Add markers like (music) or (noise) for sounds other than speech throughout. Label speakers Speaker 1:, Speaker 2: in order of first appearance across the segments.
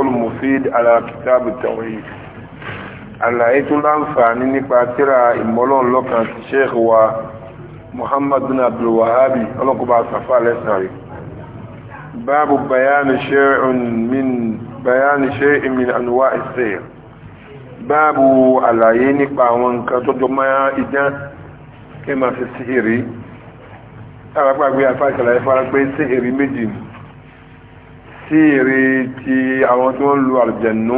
Speaker 1: القول المفيد على كتاب التوحيد àlàyé tó láǹfààní nípa tíra ìmọ́lọ́n lọ́kàn ti sheikh wa muhammad bin abdul wahabi ọlọ́kọ̀ọ́bà safa lẹ́sàrí báàbù bayani shay'in min bayani shay'in min anwa as-sayr báàbù àlàyé nípa àwọn nǹkan tó jọmọ́ idán kí ma fi síhìrí tàbí àgbàgbé afáìsàlàyé fara pé síhìrí méjì ni tafsiri ti àwọn tí wọ́n lu àlùjẹ̀nú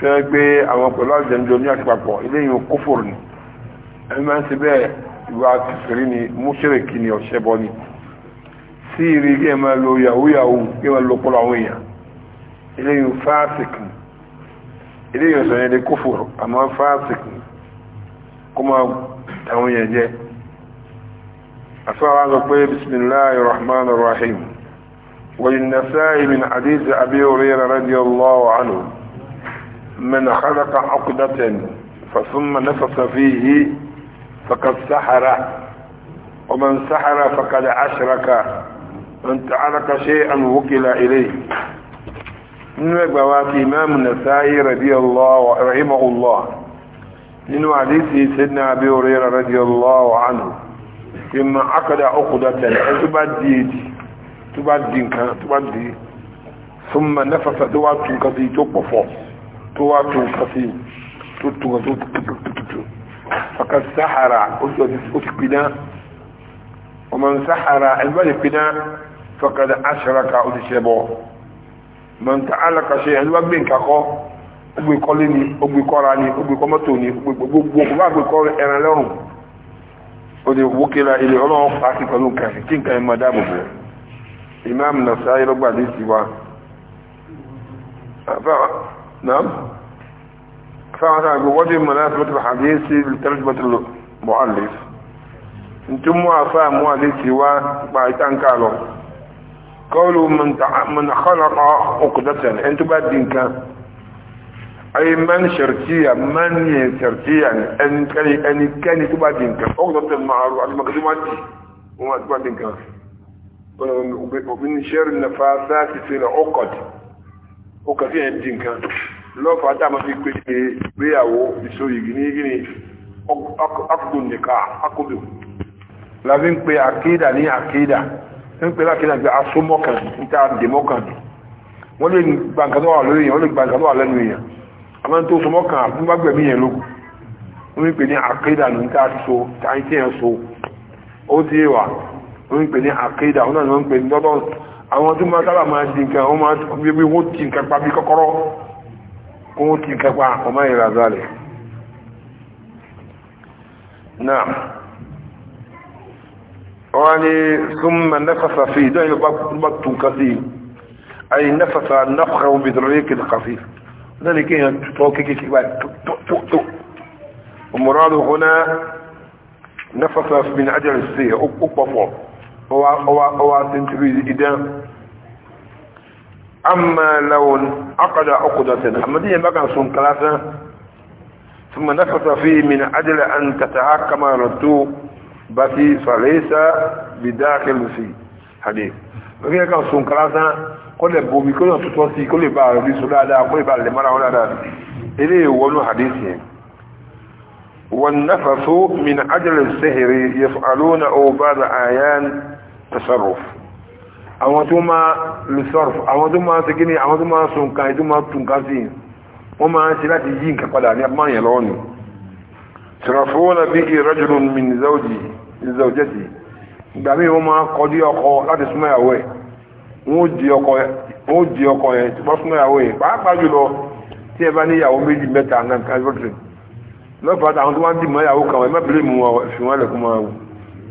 Speaker 1: fẹ́ gbé àwọn pẹ̀lú àlùjẹ̀nú ní àtìpapọ̀ ilé ìwò kófòrò ni ẹni máa ń ṣe bẹ́ẹ̀ ìwà kìfìrí ni múṣẹ́rẹ̀kì ni ọ̀ṣẹ́bọ ni síìrì kí ẹ máa lo yahoo yahoo kí ẹ máa lo pọ̀lọ̀ àwọn èèyàn ilé ìwò fásik ilé ìwò sọ̀rọ̀ ilé kófòrò àmọ́ fásik kó máa tàwọn èèyàn jẹ́ àfẹ́ wa sọ pé bismillahir rahmanir rahim وللنساء من حديث أبي هريرة رضي الله عنه من خلق عقدة فثم نفخ فيه فقد سحر ومن سحر فقد أشرك من تعلق شيئا وكل إليه من مقبوات إمام النسائي رضي الله رحمه الله من حديث سيدنا أبي هريرة رضي الله عنه ثم عقد عقدة أثبت ديدي tó bá di nǹkan tó bá di súnmọ́ nẹ́fẹ̀fẹ́ tó wá tún nǹkan sí tó pọ̀ fọ́ tó wá tún nǹkan sí tó tún nǹkan tó tututututu fàkà sáhara ó ti pinna ọmọ sáhara ẹni bá lè pinna fàkà aṣaraka ó ti ṣẹ bọ́ mọ̀ntà alákàṣe ẹni bá gbé nǹkan kọ́ ó gbé kọ́lé ni ó gbé kọ́ra ni ó gbé kọ́mọ́tò ni ó gbé gbogbo kò bá gbé kọ́ ẹran lọ́rùn ó ti wókè la ilé ọlọ́wọ́ pàṣẹ pẹ̀lú nǹkan sí kí nǹkan ẹ̀ máa dáàbò bò ó. امام نسائي ربع دي سوا wa نعم فعلا قوات المناسبة الحديث لترجمة المؤلف انتم موافا مؤلف سوا بايتان قالوا قولوا من تع... من خلق عقدة انتم بعدين كان اي من شرطية من شرطية ان كان ان كان تبعدين كان عقدة المعروف المقدمات وما تبعدين كان ومن شر النفاثات في العقد عقد فيها الدنكا لو فاتا ما في كل بيعو بيسوي جنيه جنيه عقد النكاح عقد لا بين بي عقيده ني عقيده بي لكن بي اسمو كان انت so mọ́kàn àbúrú bá gbẹ̀mí yẹn lókù a a wọ́n ń pè ní àkéèdà àwọn náà wọ́n ń pè ní lọ́dọ̀ àwọn tó máa sábà máa di nǹkan wọ́n máa bí wọ́n ti nǹkan pa bí kọ́kọ́rọ́ kó wọ́n ti nǹkan pa ọmọ ìrìn àzá rẹ̀ náà wọ́n ní súnmọ́ nẹ́fàsà fi ìdán yóò bá tún kan sí ayé nẹ́fàsà náfà òbí tọ́lọ́ yé kéde kàfí náà ní kéèyàn tọ́ kékeré báyìí tó tó tó ومراد هنا نفس من أجل السيء أقفوا ọwá tíntìrí idan amma lawon akada ọkùdọ̀tẹ̀ àmàdíyàn bá kan sun kalásán ثم نفث فيه من عدل أن تتحكم رتو بفي فليس بداخل في حديث وفي كان سون كلاسا كل بومي كل تتوسي كل بار في سودا دا كل بار لمرا ولا دا إلي ونو حديث والنفث من عدل السهر يفعلون أو بعض آيان tasarruf àwọn tó máa lùsọ́rf àwọn tó máa ṣe kíní àwọn tó máa sun nǹkan ètò máa tún nǹkan sí wọ́n máa ń ṣe láti yí nǹkan padà ní amáyàn lọ́wọ́ ni sọ̀rọ̀fọ́wọ́nà bí i rajulun min zawjati ìgbà míì wọ́n máa kọjú ọkọ láti súnmọ́ ìyàwó ẹ̀ wọ́n di ọkọ ẹ̀ tí wọ́n súnmọ́ ìyàwó ẹ̀ pàápàá jùlọ tí ẹ bá ní ìyàwó méjì mẹ́ta náà kájọ́tìrì lọ́pàá àwọn tó wá ń dì mọ́ ìyàwó kan ẹ̀ mẹ́bìlì mú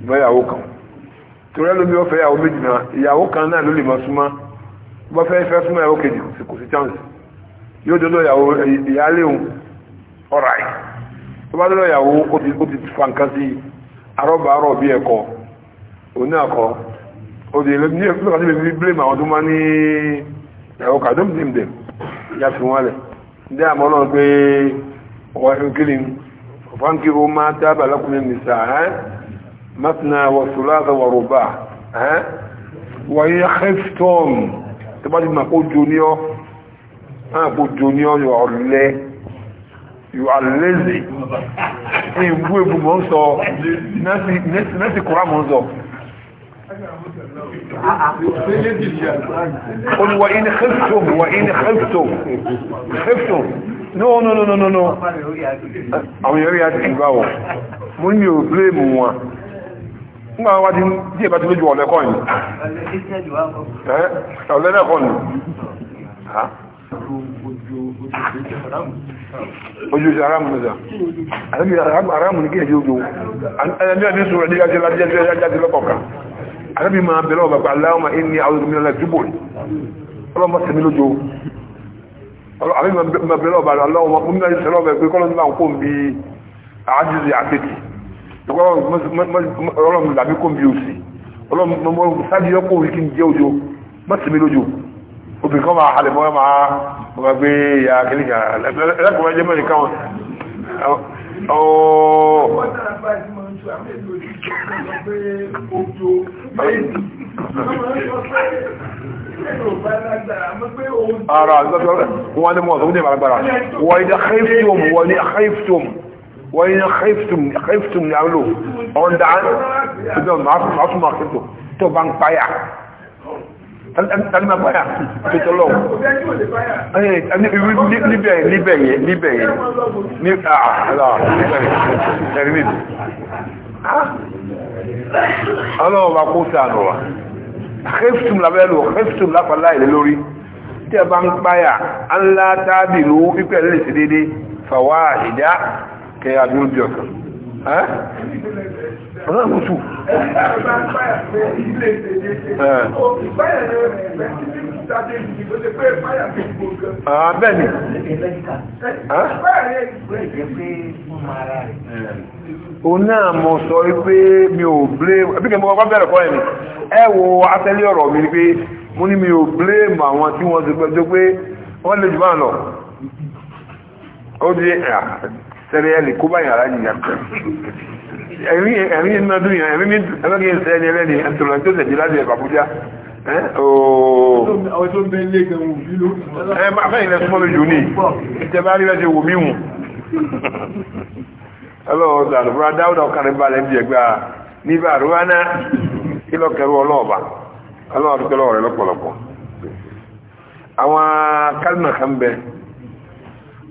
Speaker 1: wọn fi torí ẹlòmí ọ̀fẹ́ ìyàwó méjì náà ìyàwó kan náà ló lè suma súnmọ́ bọ́ fẹ́ fẹ́ súnmọ́ ìyàwó kejì kò sí chance yóò dọ́dọ̀ ìyàwó ìyáálé òun ọ̀rà yìí tó bá dọ́dọ̀ ìyàwó ó ti fa nǹkan sí bí ẹ̀kọ́ òní àkọ́ òdì ẹlòmí blame máa dábàá lọ́kùnrin مثنى وثلاثة ورباع ها وهي خفتم تبعد ما قول جونيو ها قول جونيو يعلي يعلزي ìwú ebu mọ́ ń sọ nẹ́sì kúrá mọ́ ń sọ
Speaker 2: قل وإن خفتم وإن خفتم خفتم
Speaker 1: no no no no no no àwọn yẹ̀rí àti ìgbà wọ̀ mú ní nígbà wá di díẹ̀ e bá ti lójú ọ̀lẹ́kọ́ yìí
Speaker 2: ọ̀lẹ́kọ́ ni ojú ìṣẹ́ aráàmù nìta àti
Speaker 1: aráàmù ní kíyànjú ojú ẹni ẹni sùúrù ní yájẹ́ lájẹ́ lọ́kọ̀ọ̀kan àrábì máa bẹ̀rẹ̀ ọ̀bàgbà aláwọ̀mà inú àwọ̀dùnmílẹ̀ jùbòl ọlọ́mọ tẹ̀mí lójú àrábì máa bẹ̀rẹ̀ ọ̀bàgbà aláwọ̀mà ọlọ́run làbí kò bí òsì ọlọ́run sáàdì ọkọ̀ orí kí n jẹ́ òjò mọ́sìmí lójò obìnrin kan máa halẹ̀ mọ́ máa ọgbà gbé ya kìlì kan ẹlẹ́kùn ẹjẹ́ mẹ́rin kan
Speaker 2: ara wọ́n ni mọ́ ọ̀sán وإن
Speaker 1: خفتم خفتم يعملوا أون دعان تدون معصم معصم خفتم تبان بايع أنا بايع تدلو إيه أنا ليبيا ليبيا ليبيا ليبيا آه لا ترميم أنا ما قلت أنا خفتم لبلو خفتم لا فلا إلوري تبان بايع أن لا تابلوا إبقى لسديدي فواحدة kẹ àdúró bí ọ̀kan ọ̀nà mùsù bẹ́ẹ̀ni o náà mọ̀ sọ wípé mi ò blé bí kẹ́ mọ́ bẹ̀rẹ̀ kọ́ ẹ̀mí ẹ wo ọ̀rọ̀ mi pé mo ní mi ò blé mọ̀ àwọn tí wọ́n ti gbẹ́jọ́ pé wọ́n lè jù máa lọ sẹ́rẹ́ ẹ̀lì kó báyìí ara yìí yàtọ̀ ẹ̀rí iná dùn yàn ẹ̀rí ẹlẹ́gẹ̀ ẹsẹ̀ ẹni ẹlẹ́ni ẹ̀ntọ́lọ́ tó tẹ̀jì láti ẹ̀ bàbújá ẹ̀ máa fẹ́ ilẹ̀ súnmọ́ lójú ní ìjẹba rí lẹ́sẹ̀ wò míhùn ọlọ́wọ́ sàlùfúra dáúdà ọkàrin balẹ̀ ń bí ẹgbẹ́ ní bá àrùwá náà kí lọ́kẹ̀rú ọlọ́ọ̀bà ọlọ́ọ̀dúnkẹ́lọ́ rẹ̀ lọ́pọ̀lọpọ̀ àwọn kálínà kan bẹ́ẹ̀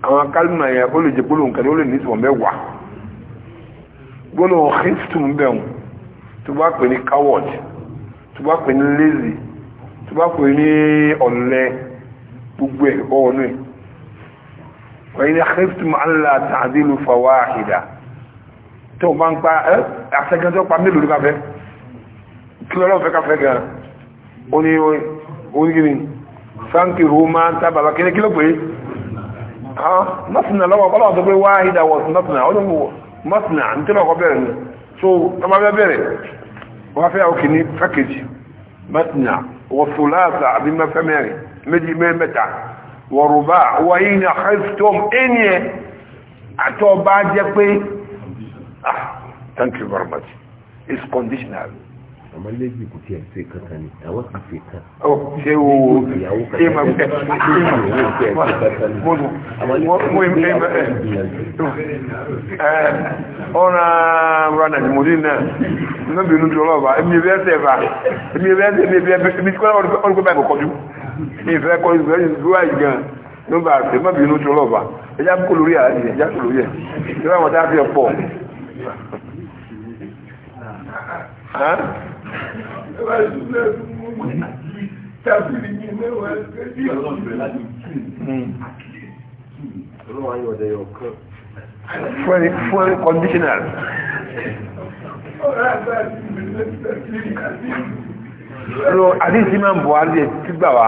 Speaker 1: àwọn kálùmà yẹn ó lè jẹ gbólóhùn kan ó lè ní ìsìnkú mẹ́wàá gbólóhùn hiftum bẹ̀rùn tó bá pè ní coward tó bá pè ní lazy tó bá pè ní ọ̀lẹ gbogbo ẹ̀ ọ̀nà ẹ̀ wọ́n ní hiftum allah ta'dilu fawahida tó bá ń pa ẹ́ àṣẹgán tó pa mélòó ló bá fẹ́ kí lọ́lọ́ fẹ́ ká gan-an ó ní ó ní kí ni kí ló pè é Ah, masina lọ́wọ́ kọ́lọ̀ tó pé wáhídà wọ̀ sí masina ọdún wọ̀ masina ní tí lọ́kọ́ bẹ̀rẹ̀ ni so ọmọ bẹ́ bẹ̀rẹ̀ wọ́n fẹ́ ọkì ní pẹ́kẹ̀jì masina wọ̀ sùláàtà àbí mẹ́fẹ́ mẹ́rin méjì mẹ́ta wọ̀ rùbá wà yìí ní àkàìsítọ́m ẹniyẹ àtọ́ bá jẹ́ pé ah thank you very much it's conditional àmọ́ lẹ́yìn kò
Speaker 2: tiẹ̀ ṣe kankan ni àwọn ti ṣe kan. ọ ṣé o ìyàwó kan ṣe máa ṣe máa ṣe máa mo mo ẹ ẹ
Speaker 1: ọ̀ràn rana ni mo dín náà nínú bínú tó lọ́ba èmi ẹ̀ bẹ́ẹ̀ sẹ́fà èmi ẹ̀ bẹ́ẹ̀ sẹ́fà èmi ẹ̀ bẹ́ẹ̀ èmi kọ́lá ọ̀rùkọ́ báyìí kọ́jú èmi fẹ́ kọ́ ìgbẹ́ ìgbẹ́ àìgàn nígbà èmi bínú tó lọ́ba ẹ̀já kó lórí àlàyé ẹ̀já kó lórí ẹ̀ ṣé wàá wọ́n dá fi ẹ̀ pọ̀.
Speaker 2: Fún conditional. Lo àdínsí máa ń
Speaker 1: Buhari ti gbà wá.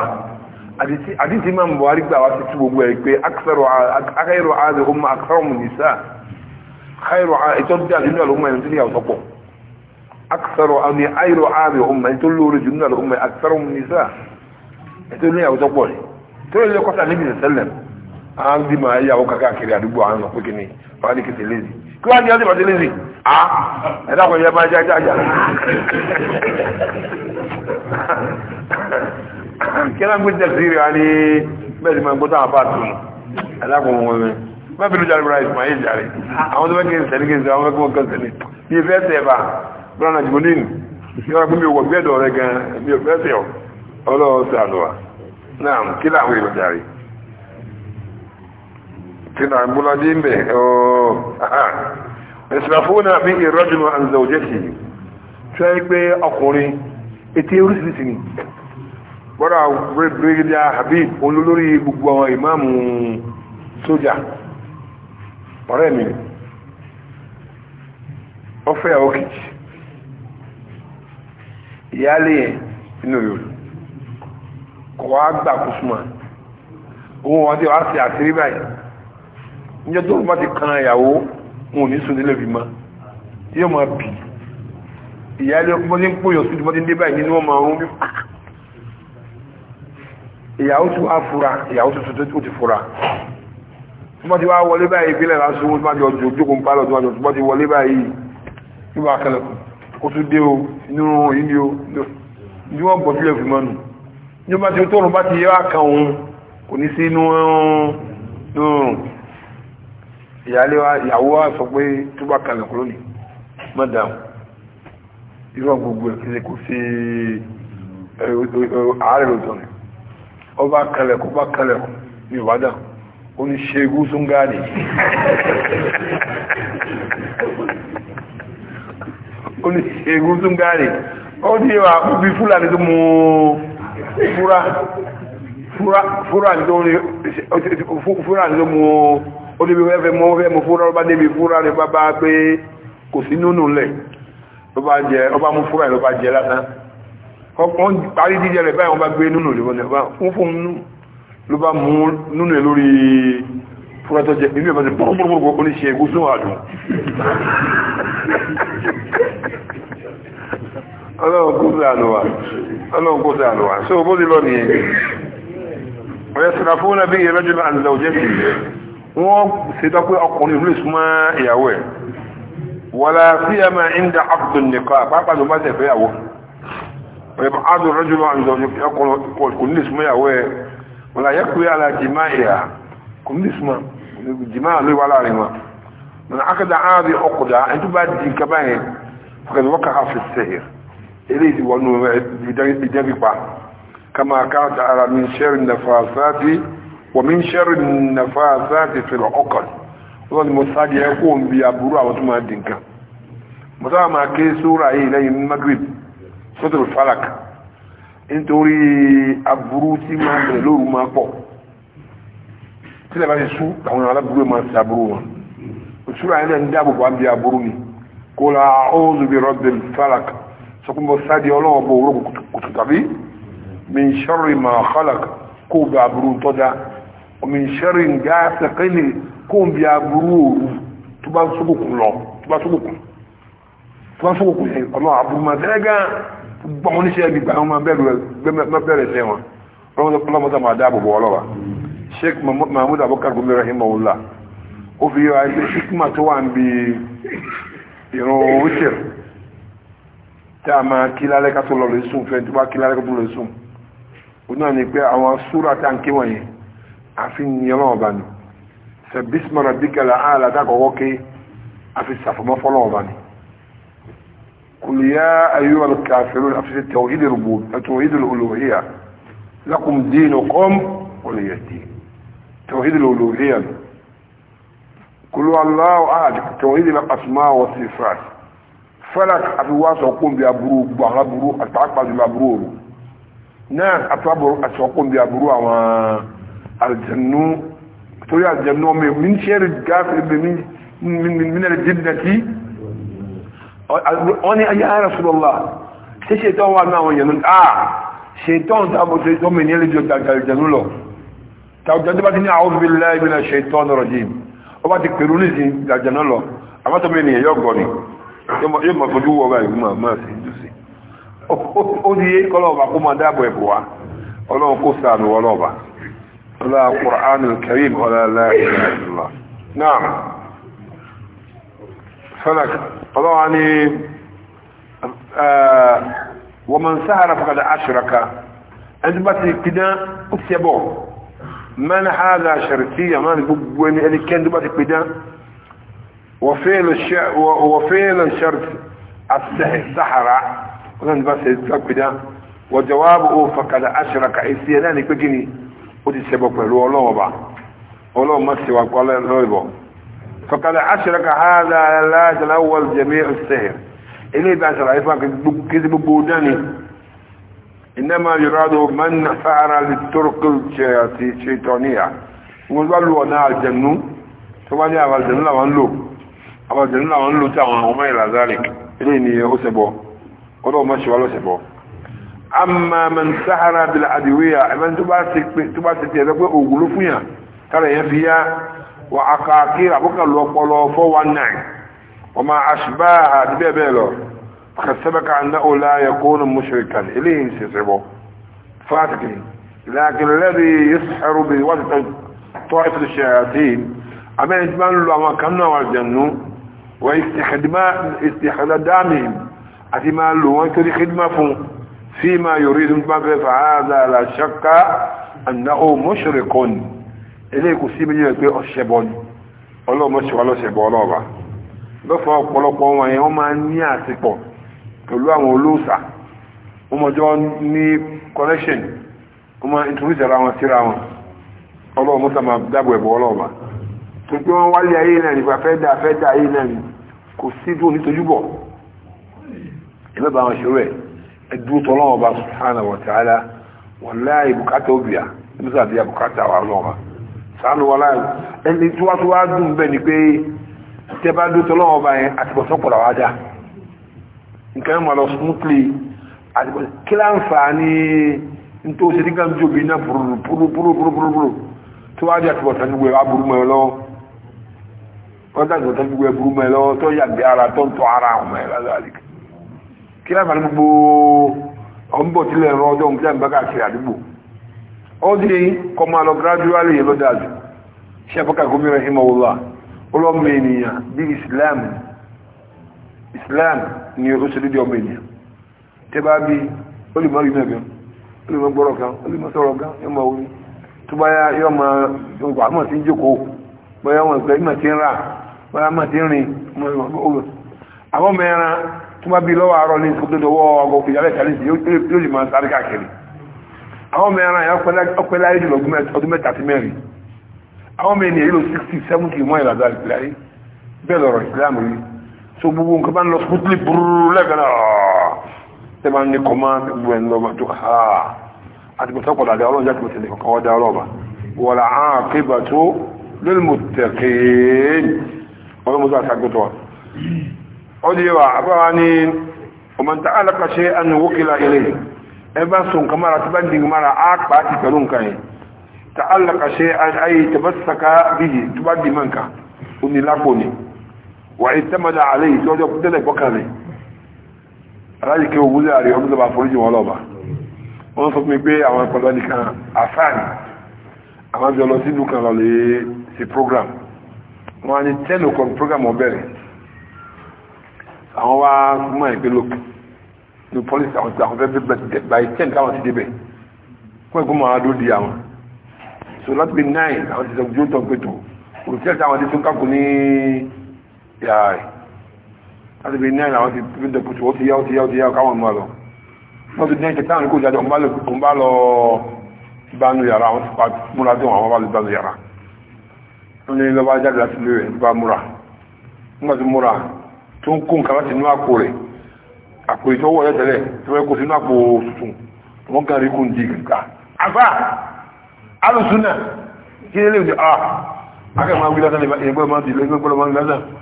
Speaker 1: Àdínsí máa ń Buhari gbà wá ti tú gbogbo ẹ̀ pé akẹ́rọ ààrẹ ọmọ akẹ́rọ mùsà. Akẹ́rọ ààrẹ ìtọ́jú àdínú àlọ́mọ ẹ̀rọ tí ní àwọn ọ̀pọ̀. أكثر أو أير عام أمة يقول له رجلنا الأمة أكثرهم النساء يقول لي أوتقوا لي تقول لي قصة النبي صلى الله عليه وسلم عندي ما هي وكاكا كريا دبوا عنه فكني فعليك تليزي كل واحد يجب تليزي آه أنا أقول يا ما جاء جاء جاء كلام قلت تفسير يعني بس ما قطع فاتهم أنا أقول ما بيلو جاري برايس ما يجاري أنا أقول لك إنسان كنسان أنا أقول لك إنسان يفيد تبع brana jimonin ìṣẹ́ra fún mi wọ gbẹ́dọ̀ rẹ gan mi ò fẹ́ tẹ̀ ọlọ́wọ́ sí àlùwà náà kí láwọn èrò jàre kí náà múlá dín bẹ̀ ìṣàfún náà bí ìrọ́jùmọ̀ àǹzà òjẹ́ sí ṣe é pé ọkùnrin ètí oríṣiríṣi ni bọ́dà brigadier Habib olólórí gbogbo àwọn ìmáàmù sójà ọ̀rẹ́ mi ọ̀fẹ́ ọ̀kìjì ìyáálé yẹn inú rẹ̀ olù kọ̀ wá gbà kó súnmọ́ òun wọn ti wá sí àṣírí báyìí níjọ́ tó bá ti kan ìyàwó wọn ò ní sùn nílẹ̀ bímọ yóò máa bì ìyáálé ọkùnrin tí ń pòyàn sí ìdúmọ́tí dé báyìí nínú wọn máa bí ìyàwó tó wá fura ìyàwó tuntun tó ti fura tó ti wá wọlé báyìí ìpínlẹ̀ lásán tó bá ti ọjọ́ òjókòó ń bá lọ tó bá ti wọlé báyìí yóò bá kẹlẹ̀kùn ó o inú yìí ni o ní wọ́n gbọ́ sílẹ̀ fún mọ́nu ní ọba tí ó tọrùn bá ti yẹ àkàn òun kò ní sí inú ọ̀run ìyáálé wa ìyàwó wa sọ pé tó bá kalẹ̀ kúrò ní mọ́dàm irú gbogbo ẹ̀ kíse kò sí ààrẹ lòtọ̀ ni ọba kalẹ̀ kó bá kalẹ̀ ní ìwádà ó ní ṣe gúúsùn gáàdì
Speaker 2: (laughs)
Speaker 1: oníṣègùn tún gáàrí
Speaker 2: ó ní wà
Speaker 1: bí fúlàní tó mú fúra fúlàní tó mú ó níbi wẹ́fẹ́ mọ́ fẹ́ mú fúra ló bá débi fúra rẹ̀ bá bá pé kò sí nínú lẹ̀ ló bá jẹ ó bá mú fúra ló bá jẹ lásán wọ́n parí jíjẹ rẹ̀ báyìí wọ́n bá gbé nínú rẹ̀ wọ́n fún nínú ló bá nínú lórí fúrátọ́ jẹ inú ẹ̀mọ́ sí bọ́rọ̀bọ̀rọ̀ oníṣẹ́ egú sínú àdùn ọlọ́run kó sàánù wa ọlọ́run kó sàánù wa so bó ti lọ nìyẹn ọ̀yẹ́ sọ̀rọ̀ fún ẹbí ìrẹ́jọ́ náà àǹdà òjẹ́ sí wọ́n ṣe tọ́ pé ọkùnrin ìlú ìsúnmọ́ ìyàwó ẹ̀ wọ́lá sí ẹmà ìndà àkùtùn nìkan àpapà ló bá máa ìhà kò jìmáà ló wà láàrin wọn mọ̀nà akada ààrẹ ọkọ̀dá ẹni tó bá di nǹkan báyẹn fọkàn wọ́n kàá fi sẹ́yìn eléyìí ti wọnú ìdẹ́bípa kama káàtà ara min ṣẹ́rì nàfàṣáàtì wọ́n min ṣẹ́rì nàfàṣáàtì fẹ̀rẹ̀ ọkàn wọ́n ni mo sáàdì ẹ kó ń bi aburú àwọn tó máa di nǹkan mo sábà máa ké sóra yìí lẹ́yìn magrib sọ́tò falak nítorí aburú tí máa bẹ̀rẹ̀ lóru máa pọ̀ tílẹ̀ bá ti sú àwọn alábúrò máa ti aburú wọn òṣùwà yẹn náà ń dáàbò bá ń bi aburú ni kó la ọ́ọ́dù bí rọ́bìn falak sọkún bọ́ sáàdì ọlọ́wọ́ bọ̀ wúrò kùtù tàbí min sharri ma khalaq kó bí aburú tọ́já min sharri ń gá kó bi aburú òru tó bá sókòkùn lọ tó bá sókòkùn tó bá sókòkùn yẹn ọmọ aburú máa tẹ́lẹ̀ gan gbọ́n oníṣẹ́ ibi gbà wọn máa bẹ̀rẹ̀ sẹ́wọ̀n ọlọ́mọdé máa dáàbò bọ̀ ọlọ́wà sheikh mahmud abubakar gumi rahimahullah ó fi yọ àìsí hikma tó wà ń bi ìrun wítìr tí a máa kí lálẹ́ ká tó lọ lè sùn fẹ́ tó bá kí lálẹ́ ká tó lọ lè sùn ó náà ni pé àwọn súra tá à ń ké wọ̀nyí àfi yẹn lọ́wọ́ bá ní sẹ̀bísímọ̀ rẹ̀ bí kẹlẹ̀ àlà dákọ̀ọ́kọ́ ké àfi sàfọ̀mọ́ fọ́lọ́wọ́ bá ní قل يا أيها الكافرون أفس التوحيد الربوب التوحيد الألوهية لكم دينكم ولي الدين توحيد الألوهية كل الله أحد توحيد الأسماء والصفات فلك أبواس وقوم بأبرو بأبرو أتعقب بأبرو ناس أتعبر أسوقون بأبرو الجنو تريد الجنو من شر الكافر من من من, من الجنة أنا يا رسول الله ṣe ṣe tán آه náà wọ̀nyẹ̀ náà ṣe tán tàbí ṣe tán mẹ́ni tàbí bá ti ní àwọn billahi minash shaitonir rajim ọ bá ti pèrú ní sí ìdàjẹ̀nà lọ àmọ́tọ́mọ́ ènìyàn yóò gọ̀ ni yóò mọ̀ fojú wọ báyìí wọ́n mọ̀ fọ́kàdà ẹni bá ti ó ti من هذا شرطية من بقوين اللي كان دبات القدام وفعل الشع وفعل الشرط السحرة ولن بس القدام وجوابه فقد أشرك إسيانان بجني ودي سبب له الله وبا الله ما سوى قال الله فقد أشرك هذا لا الأول جميع السحر إليه بأشرك إفاق كذب بوداني إنما يراد من فعل للطرق الشيطانية وقال له أنا الجنة ثم جاء الجنة وأن له أما الجنة وأن له وما إلى ذلك إليني أسبه قلوا ماشي ولا أسبه أما من سحر بالأدوية من تباسك يذكر أقول فيها ترى يفيا وعقاقير أبوك الله قلوا فوى وما أشباها تبيه بيه قد سبق أنه لا يكون مشركا إليه سيصعبه فاتكني لكن الذي يسحر بوضع طائفة الشياطين أما إجمال لما كنا والجنة واستخدامهم أتمال لما يتري خدمة فيما يريد فهذا لا شك أنه مشرك إليه كسيب يقول الشبون الله مشرك الله شبون الله بفا قلقوا ويوم أن يأسكوا pẹ̀lú àwọn olóòsà wọ́n mọ̀jọ́ ní connection wọ́n mọ̀ introduce ara wọn síra wọn ọlọ́run mọ́ta máa dábò ẹ̀bọ̀ ọlọ́ọ̀bà tó pé wọ́n wálé ayé náà nípa fẹ́ dá fẹ́ dá ayé náà ni kò sí dúró nítorí bọ̀ ẹgbẹ́ bá wọn ṣerú ẹ̀ ẹdúró tọ́lọ́wọ́n bá subhanahu wa ta'ala wọ́n láàyè bùkátà obìà níbi sàbí àbùkátà wà lọ́wọ́ sànù wọ́n láàyè ẹni tí wọ́n tó wá dùn bẹ́ẹ̀ ni pé tẹ́ bá dúró nke ma lọ kila àti kí láǹfààní tó ṣe tó wá aburú wọ́n dá ara tó ń tọ́ ara ọmọ kí gbogbo ọjọ́ àdúgbò islam ni ó ṣe dédé ọmọ ènìyàn tẹ bá bí olùmọ̀ rí mẹ́gbẹ̀ẹ́ olùmọ̀ gbọ́rọ̀ kan kan yọ máa wọlé tó bá yá yọ máa wà wọn ìgbẹ́ ìmọ̀ tí ń rà bóyá mọ̀ tí ń rìn àwọn mẹ́ran tó bá bí lọ́wọ́ àárọ̀ ní ìfòdódówó ọgọ́ 60 70 so gbogbo nǹkan bá ń lọ smoothly burúrú lẹ́gbẹ̀rẹ́ tẹ́ bá ń ní kọ́má gbogbo ẹ̀ ń lọ tó ha àti pẹ̀tẹ́ ọ̀pọ̀ dàdé ọlọ́run jáde pẹ̀tẹ́ ọ̀kan wọ́n dá ọlọ́ọ̀bà wọ́n là á kébà tó lórí mo tẹ̀kẹ́ ọlọ́run mo sọ àṣàgbẹ̀tọ̀ ọ di wa واعتمد عليه توجه بدل بكره aláàjì kí owó láàrí ọdún lọ́ba foríjì wọn lọ́ba wọ́n sọ pé pé àwọn ẹ̀kọ́ nìkan àfáàní àwọn jọ lọ sínú kan lọ lè ṣe program wọ́n á ní ten o'clock program ọ̀bẹ̀rẹ̀ àwọn wá mọ̀ ẹ̀gbẹ́ lókè ní police àwọn tí àwọn fẹ́ bẹ̀rẹ̀ by ten káwọn ti débẹ̀ yàrá rẹ̀ láti bí náà àwọn ti fi dẹ̀kùtù ó ti yá ó ti yá ó ti yá káwọn ọmọ lọ wọ́n ti dẹ́kẹ̀ táwọn ikú ìjájọ́ òun bá lọ bánu yàrá àwọn ti pa múra tó àwọn bá lọ bánu yàrá wọ́n ní lọ́ba jáde láti lé rẹ̀ bá múra nígbà tí múra tó ń kó nǹkan láti inú àpò rẹ̀ àpò ìtọ́wọ́ rẹ̀ tẹ́lẹ̀ tó wọ́n kàn rí kún di ah akẹ́kọ̀ọ́ máa wí lásán ẹgbẹ́ máa ń di lẹ́gbẹ́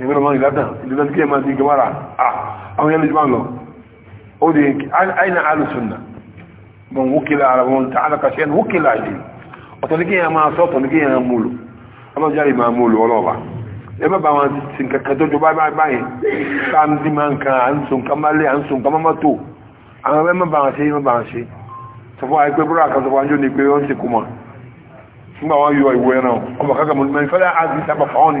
Speaker 1: ẹgbẹ́rún mọ́ ìlàtàn ìlàtàn kí ẹ máa di gẹwàrà àwọn yẹn lè jùmọ́ lọ ó di àìnà alùsùnà mọ̀ wókèlà ara wọn tààlà kàṣẹ́ ẹni wókèlà ìdí ọ̀tọ̀ ní kí ẹ máa sọ ọ̀tọ̀ ní kí ẹ máa múlò ọlọ́járe máa múlò ọlọ́ọ̀bà ẹ má bá wọn sì kankan tó jọ báyìí tá ń dí máa ń kan à ń sùn kan máa lé à ń sùn nígbà wọn yọ ìwé náà ọmọ kankan mọ̀ nígbà ìfẹ́lẹ́ àti sábà fáwọn ní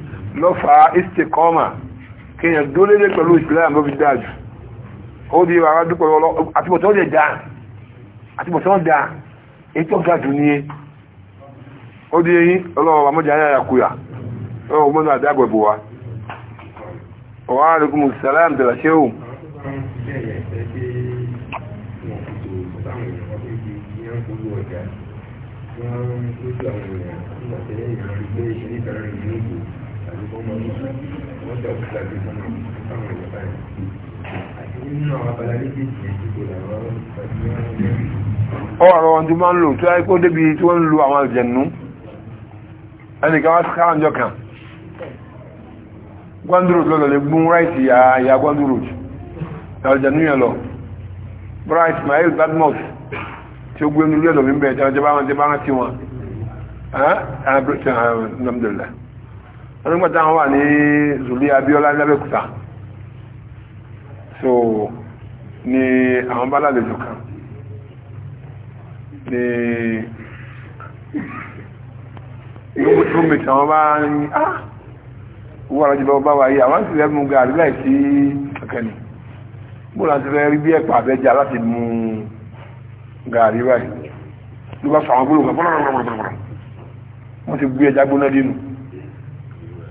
Speaker 1: lọ́fà istikọ́mà kíyàn dólélé pẹ̀lú islam ló fi dájú ó di ara dúpọ̀ lọ́lọ́ àtibọ̀tán lè dáa àtibọ̀tán dáa ètò gàjù ní e ó di eyín ọlọ́wọ́ àmọ́jà ayáyà kúyà ọlọ́wọ́ mọ́nà àdágbẹ̀bọ̀ wa ọ̀wọ́ àrẹ́kùnmù sàlám dẹ̀là ṣéhù ó wà lọ́wọ́ tí máa ń lò tó yá ikó débi tí wọ́n ń lo àwọn ìjẹ̀nú ẹnìkan wá sáà jọ kan gwandurut lọ́lọ́ lè gún ráìtì àyà gwandurut ìjẹ̀nú yẹn lọ bright mael badmouth tí ó gbé nílé ẹ̀lọ́mí bẹ̀ẹ̀ tí wọ́n jẹ́ bá wọn tí wọ́n alhamdulillah nígbàtí àwọn wà ní Zuli Abiola lábẹ́kúta so ni àwọn bá lálejò kan ni roommate àwọn bá ń ah owó àrọ́jọba ọba wáyé àwọn sì mú gàrí láì kẹkẹni mú láti fẹ́ rí bí ẹ̀pà àbẹ́jà láti mú gàrí báyìí ló bá sọ àwọn gbólógbà pọ́nrọ̀rọ̀rọ̀rọ̀ wọ́n ti gbé ẹja gbóná dínú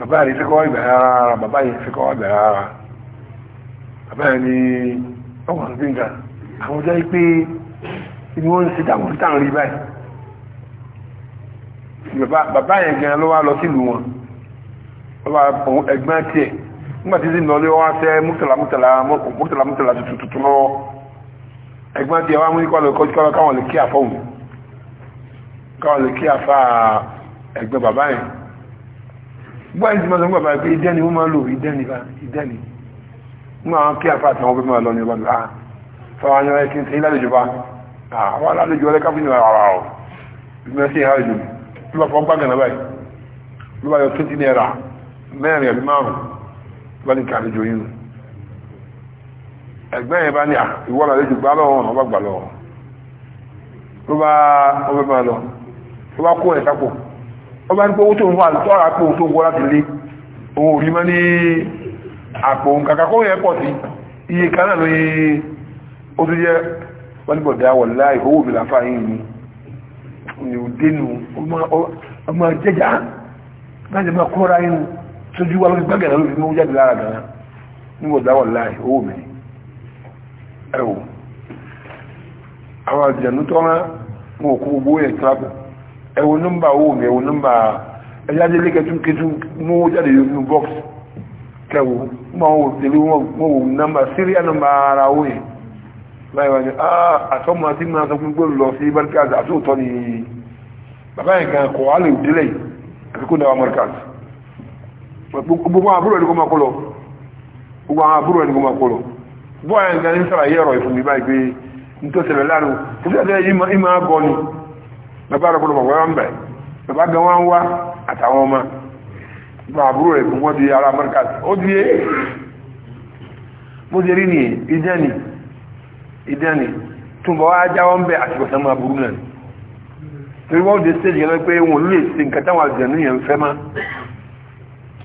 Speaker 1: bàbá rẹ̀ fẹ́ kọ́ ìgbà rárá bàbá yìí fẹ́ kọ́ ìgbà rárá bàbá yìí ni ọmọ ń gbìngà àwọn ọjọ́ yìí pé ni wọ́n ń ṣe dáwọn ń tàn rí báyìí bàbá yẹn gan ló wá lọ sílùú wọn ló wá ẹgbẹ́ tiẹ̀ nígbà tí zin lọlé wá fẹ́ mútàlá mútàlá mútàlá mútàlá tuntun tuntun lọ ẹgbẹ́ tiẹ̀ wá mú ní kọ́ káwọn lè kí àfọ́ káwọn lè kí àfá ẹgbẹ́ bàbá yẹn gbọ́n ti máa sọ gbàgbà pé ìdẹ́ni wọ́n máa lò ìdẹ́ni ìdẹ́ni mú àwọn kí àpá àtàwọn ọgbẹ́ máa lọ ní ọba gbà á fọwọ́ àwọn ẹ̀kí ń sẹ́yìn lálejò bá àwọn ah, alálejò ọlẹ́ká fún ìwà ara ọ̀ ìgbìmọ̀ sí ìhà ìjò ló bá fọ́n gbàgànà báyìí ló bá yọ tó ti náírà mẹ́rin àbí márùn ló bá ní kí àlejò yìí ẹgbẹ́ yẹn bá ní ah, ìwọ́ àlejò gbà lọ́wọ́ ọ̀nà ọba gbà lọ́wọ́ ló bá ọgbẹ́ máa lọ ló ọba ní pé owó tó ń wà tọ́ra pé òun tó wọ́n láti lé òun rí mọ́ ní àpò kàkàkọ́ yẹn pọ̀ sí iye kan náà lóye ó tó jẹ́ wọ́n ní bọ̀dá wọ̀ láì owó mi láfà yìí ni àwọn àjẹ̀nú tọ́ra wọn ò gbogbo yẹn tíráàpù ẹwọ nọmba owó mi ẹwọ nọmba ẹjáde lé kẹtùkẹtù mú jáde nínú bọ́ọ̀sì kẹwò mọ àwọn òtẹlẹ wọn wò nọmba síríà nọmba ara owó yẹn báyìí wọn ni ah àtọmọ àti mọ àtọkùn gbé lọ sí barikazi àti òtọ ni bàbá yẹn kan kọ alẹ òdílẹ yìí àti kó dáwà marikazi gbogbo àwọn àbúrò ẹni kó báyìí pé nítòsílẹ̀ láàrin kò sí àtẹ ìmọ̀ àgọ́ ni bàbá rẹ̀ kúrò bàbá ń bẹ̀ bàbá gan wá ń wá àtàwọn ọmọ ìgbà àbúrò rẹ̀ gbogbo di ara amẹ́ríkà ó di é mo ti rí nìyẹn ìdẹ́ni ìdẹ́ni túnbọ̀ wá jáwọ́ ń bẹ̀ àti kọ̀tà máa burú náà torí wọ́n dé stage yẹn pé wọn lè ṣe nǹkan táwọn àjẹ̀nú yẹn fẹ́ má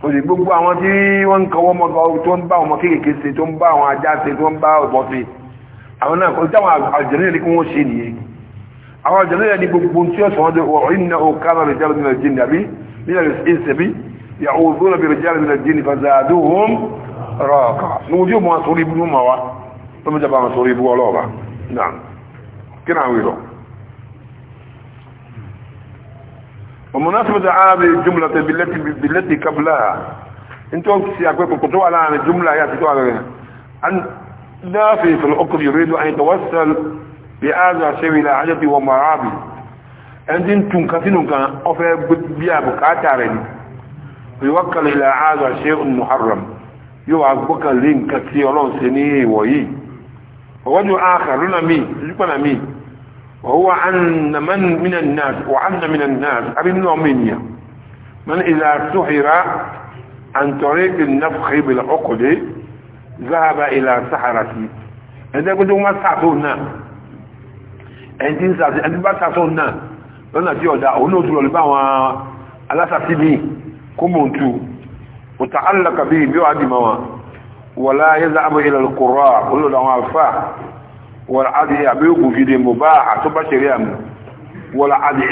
Speaker 1: o sì gbogbo àwọn tí wọ́n ń kọwọ́ mọ́gá tó ń bá ọmọ kéèkéé ṣe tó ń bá àwọn ajá ṣe tó ń bá ọ̀bọ̀ ṣe àwọn náà kọ́ táwọn àjẹ̀nú yẹn ní wọ́n ṣe nìyẹn awa àjọ náà ní gbogbo tí ó sọ̀rọ̀ wọ̀ iná o kára rẹ̀ jáde nílẹ̀ jíni àbí nílẹ̀ rẹ̀ sí ìsẹ̀bí ìyàwó òzó bí bẹ̀rẹ̀ nílẹ̀ jíni fàzàdó hom rọ̀ọ̀kà ní ojú ọmọ sórí ibú mọ̀ wá tó mẹ́jọ bá wọn sórí ibú ọlọ́ọ̀bá ومناسبة عرب الجملة بالتي بالتي قبلها انتم سيأكلكم قطوة الآن الجملة هي تتوى أن دافي في الأقل يريد أن يتوسل بهذا سوي إلى حاجتي ومعابي عندن تنكثن كان أفا بيا بكاتارين ويوكل إلى هذا شيء محرم يوعد بك لين كثيرون سنيه وهي ووجه آخر لنا مي لنا مي وهو أن من من الناس وعن من الناس أبي نومينيا من إذا سحر عن طريق النفخ بالعقد ذهب إلى سحرتي هذا قلت ما سحرنا ẹni tí ń sàtì ẹni bá sàtọ̀ náà lọ́nà tí ọ̀dà òun náà túnlọ̀ lọ́pàá àwọn alásàtì ní kúmọ̀ntú òtà alákàbí bí wà dìmọ̀ wọn wà láyé záàmù ilẹ̀ kọ̀rọ̀ olóòdà àwọn alfa wà láàdì àbẹ́ògùn fìdí mọ̀ bá àtúbà ṣẹ̀rí àmì wà láàdì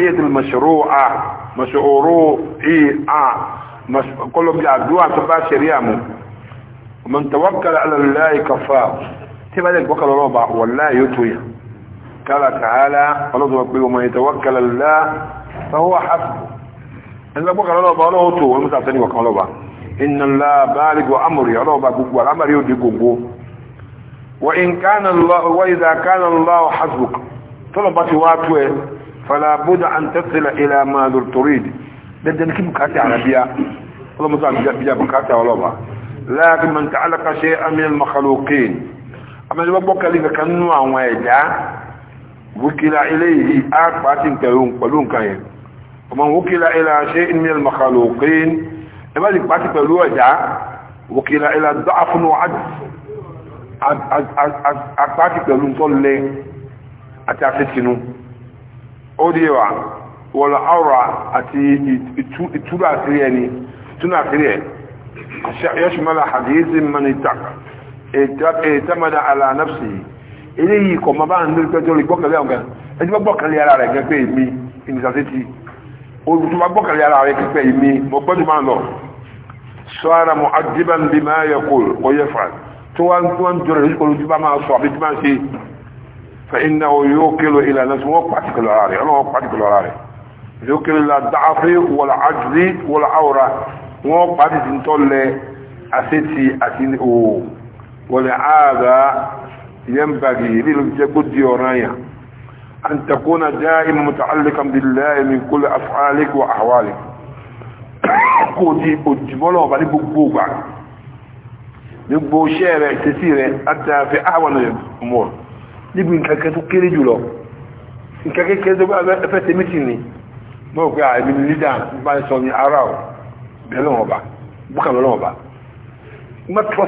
Speaker 1: tó bá على الله كفاه تبالك بكر ربع والله يتويه قال تعالى خلاص ربي ومن يتوكل الله فهو حسبه ان ابو قال الله بالله تو المتعتني وكان الله ان الله بالغ امري الله بغو الامر يدي غو وان كان الله واذا كان الله حسبك طلبت واتوه فلا بد ان تصل الى ما تريد بدنا كيف كاتي عربيه الله مصاب بيا بكاتي الله لكن من تعلق شيئا من المخلوقين اما لو بقى لك عن وجهه wukila ilayhi a patin kayun palun kayen kuma wukila ila shay'in min al-makhluqin iba di pati pẹ̀lú ọjà wukila ila da'afun wa ajz a pati pẹ̀lú to le àti afitinu o di wa wala awra àti itura asiri ni tuna asiri yashmala hadithin man itaq itamada ala nafsihi eléyìí kọ̀ máa bá ń lórí pẹ́jọ́ lè gbọ́kànlé àwọn gan ẹni bá gbọ́kànlé ara rẹ̀ gẹ́gẹ́ èmi ìnìsàtẹ́tì olùtú bá gbọ́kànlé ara rẹ̀ gẹ́gẹ́ èmi mo gbọ́dọ̀ máa lọ sọ ara mo adébá ń bí máa yẹ kó o yẹ fà tó wá ń tó ń jọrọ lójú kọ́ lójú bá máa sọ àbí tí máa ṣe fẹ́ iná o yóò kélo ìlànà tí wọ́n pàtìkìlọ̀ ara rẹ̀ ọlọ́wọ́ pàtìkìlọ̀ ara rẹ̀ yóò kélo la dáàfé wọlá àjùlé wọlá àwòrán wọ́n pàtìkìntọ́ lẹ àṣetì àti òwò wọlé àgbà ينبغي للجبد يورايا أن تكون دائما متعلقا بالله من كل أفعالك وأحوالك قوتي أجمله بني بقبوبا نبو شارع تسير أتى في أعوان الأمور نبو إنك كتكيري جلو إنك كتكيري أفتي متني mọ̀ pé àìbí lídà bá ń sọ ní ara ọ̀ bẹ̀lọ́wọ̀n ọba búkà bẹ̀lọ́wọ̀n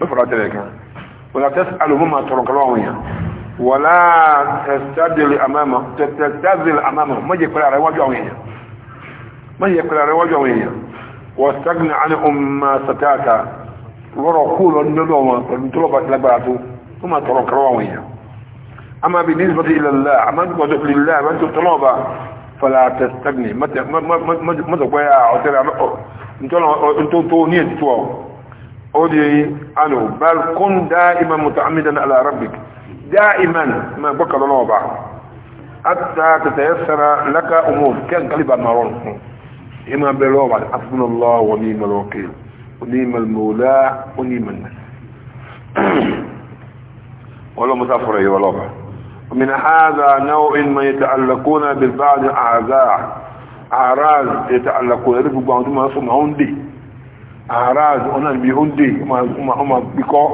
Speaker 1: lọ́fọ̀rọ̀ tẹ̀lẹ̀ kan wọ́n láti tẹ́sí alùmọ́mà tọrọ kọlọ́ àwọn èèyàn wọ́n látẹ̀sítàdìlì àmàmà mọ́jẹ̀ pẹ̀lẹ̀ àrẹ wájú àwọn èèyàn wọ́n stagnà á ní ọmọ sàtàkà lọ́rọ̀ kú lọ nínú wọn pẹ̀lú tó lọ́ba ti lágbára tó ó máa tọrọ kọlọ́ àwọn èèyàn a máa bí nígbà tí ilẹ̀ ńlá a máa ń gbọ́dọ̀ fi lílá a máa ń tó tọ́lọ́ ọba fọlá tẹ̀sítàdìlì mọ́tọ̀ pẹ́ أودي أنو بل كن دائما متعمدا على ربك دائما ما بقى لنا بعد حتى تتيسر لك أمور كان قلبا مرون إما بالوضع حسبنا الله ونيم الوكيل ونيم المولى ونيم الناس (clears throat) ولو مسافر أيها الله ومن هذا نوع ما يتعلقون بالبعض أعزاء أعراض يتعلقون يرفق بعضهم ما يصمعون به àràz ọ̀nà ibi hóndé ọmọ bíkọ́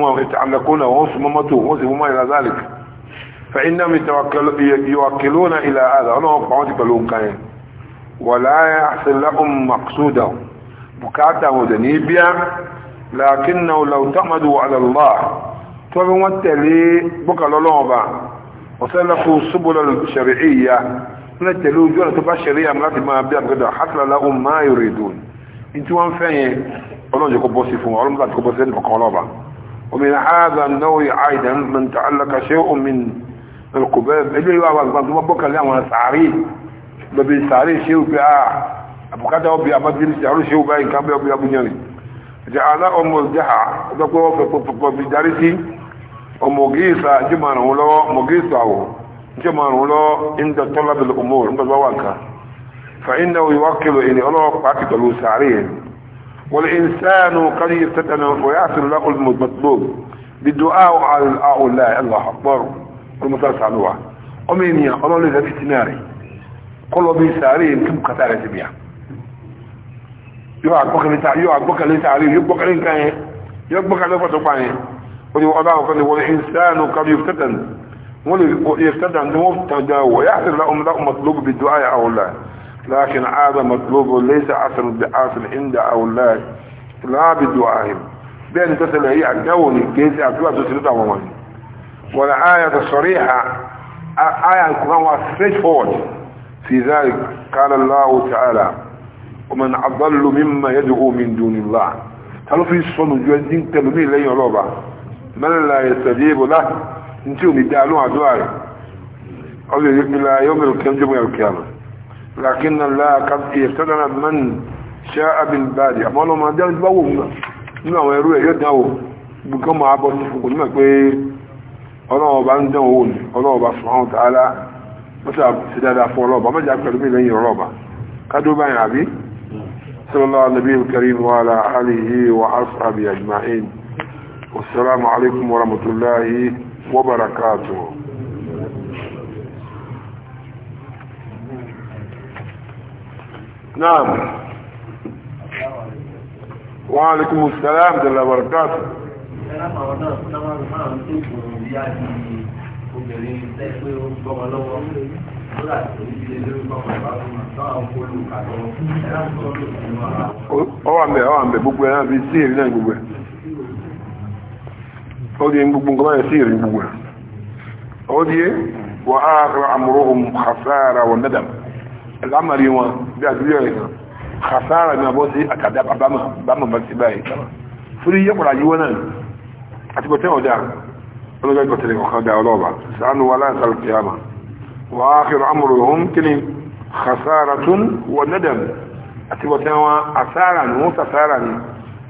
Speaker 1: wọn ìtàlẹ́kọ́nà wọ́n sì mọ́mọ́tò wọ́n sì mọ́mọ́ ìlà zalik فإنهم يوكلون إلى هذا أنا أقعد بلونكين ولا يحصل لهم مقصودهم بكاتا ودنيبيا لكنه لو تعمدوا على الله فهم التالي بكى للعبة وسلكوا السبل الشرعية من التالي وجونا تبقى الشريعة مراتب ما يبدأ حصل لهم ما يريدون انت وان فاين الله يكون بوسي فون الله مدات يكون بوسي فقالوبا ومن هذا النوع ايضا من تعلق شيء من القباب اللي هو بعض ما بوكا لا وانا سعري بابي سعري شيء بقى ابو كذا ابي ابدل سعري شيء بقى كان ابي ابو نيري جعل ام الجحا دكو في دارتي ام غيسا جمان ولو مغيسا هو جمان ولو عند طلب الامور عند زواكه فإنه يوكل إن الله فاتك الوسعرين والإنسان قد يفتتن ويحصل له المطلوب بالدعاء على الاعلى الله أكبر المتاسع نوع يا الله لذا بيتناري قل بيسارين كم قتالة بيع يوعد بك لتع يوعد بك لتعريف يبك لك كان يبك على فتوقعين ولو أضعه قال والإنسان قد يفتتن وليفتتن ويفتتن ويحصل لهم له مطلوب بالدعاء على الله لكن هذا مطلوب ليس عصر بعاصر عند أولاد لا بدعائهم بأن تسال هي الجوني كيف أطلع تسلطة ومن ولا آية الصريحة آية القرآن وستريت فورد في ذلك قال الله تعالى ومن أضل مما يدعو من دون الله قالوا في الصنو جوانتين تلمي لن يعلوبة من لا يستجيب له انتم يدعلون عدواري قالوا يقول لا يوم القيامة لكن الله قد يفتدر من شاء بالبادي àmọ́ lọ máa dáwọn ìbáwò nínú àwọn ẹrú ẹ̀ yóò dáwò gbogbo máa bọ́ sí fòkò nígbà pé ọlọ́ọ̀bá ń dán owó ní ọlọ́ọ̀bá subhanahu wa ta'ala mọ́sá sí dáadáa fún ọlọ́ọ̀bá mọ́já pẹ̀lú mi lẹ́yìn ọlọ́ọ̀bá kádó báyìí àbí sallallahu نعم وعليكم السلام ورحمة الله وبركاته السلام ọwà mẹ́ ọwà mẹ́ gbogbo ẹ̀rọ bí sí èrì náà gbogbo ẹ̀ ó di gbogbo nǹkan báyẹ̀ sí èrì gbogbo ẹ̀ ó di wà áàrẹ àmúrò òun àfẹ́ ara wọn nẹ́dàm ẹ̀lámàrí wọn bí àdúgbò yẹn kan kàsára ní abọ́ sí àtàdá bàbá bá ti báyìí fúri yẹ kọ̀ọ̀dà yíwọ́ náà àti bọ̀tẹ́ ọ̀dà ọlọ́gbẹ́ gbọ̀tẹ́lẹ̀ kọ̀ọ̀kan dá ọlọ́ọ̀bà sànù wà láǹsà kìyàmà wà á kẹrọ amúrò òun kíni kàsára tún wọ nẹ́dẹ̀m àti bọ̀tẹ́ wọn àsára ní wọn sàsára ní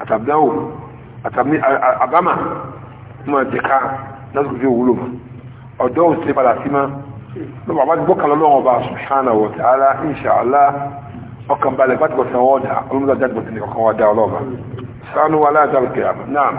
Speaker 1: àtàbdáwò àtàbí àbámà mọ̀ ẹ̀jẹ̀ká lásìkò tí ò wúlò ọ̀dọ́ òsè padà ní bàbá ti gbọ́kànlọ́ lọ́wọ́ bá subhanahu wa ta'ala insha Allah ọkàn balẹ̀ bá ti gbọ̀sán wọ́ọ̀dà olùmọ̀dá jágbọ̀sán ní ọkàn
Speaker 2: wá dá ọlọ́ọ̀bá sánú wa láàdá kìyàmù náà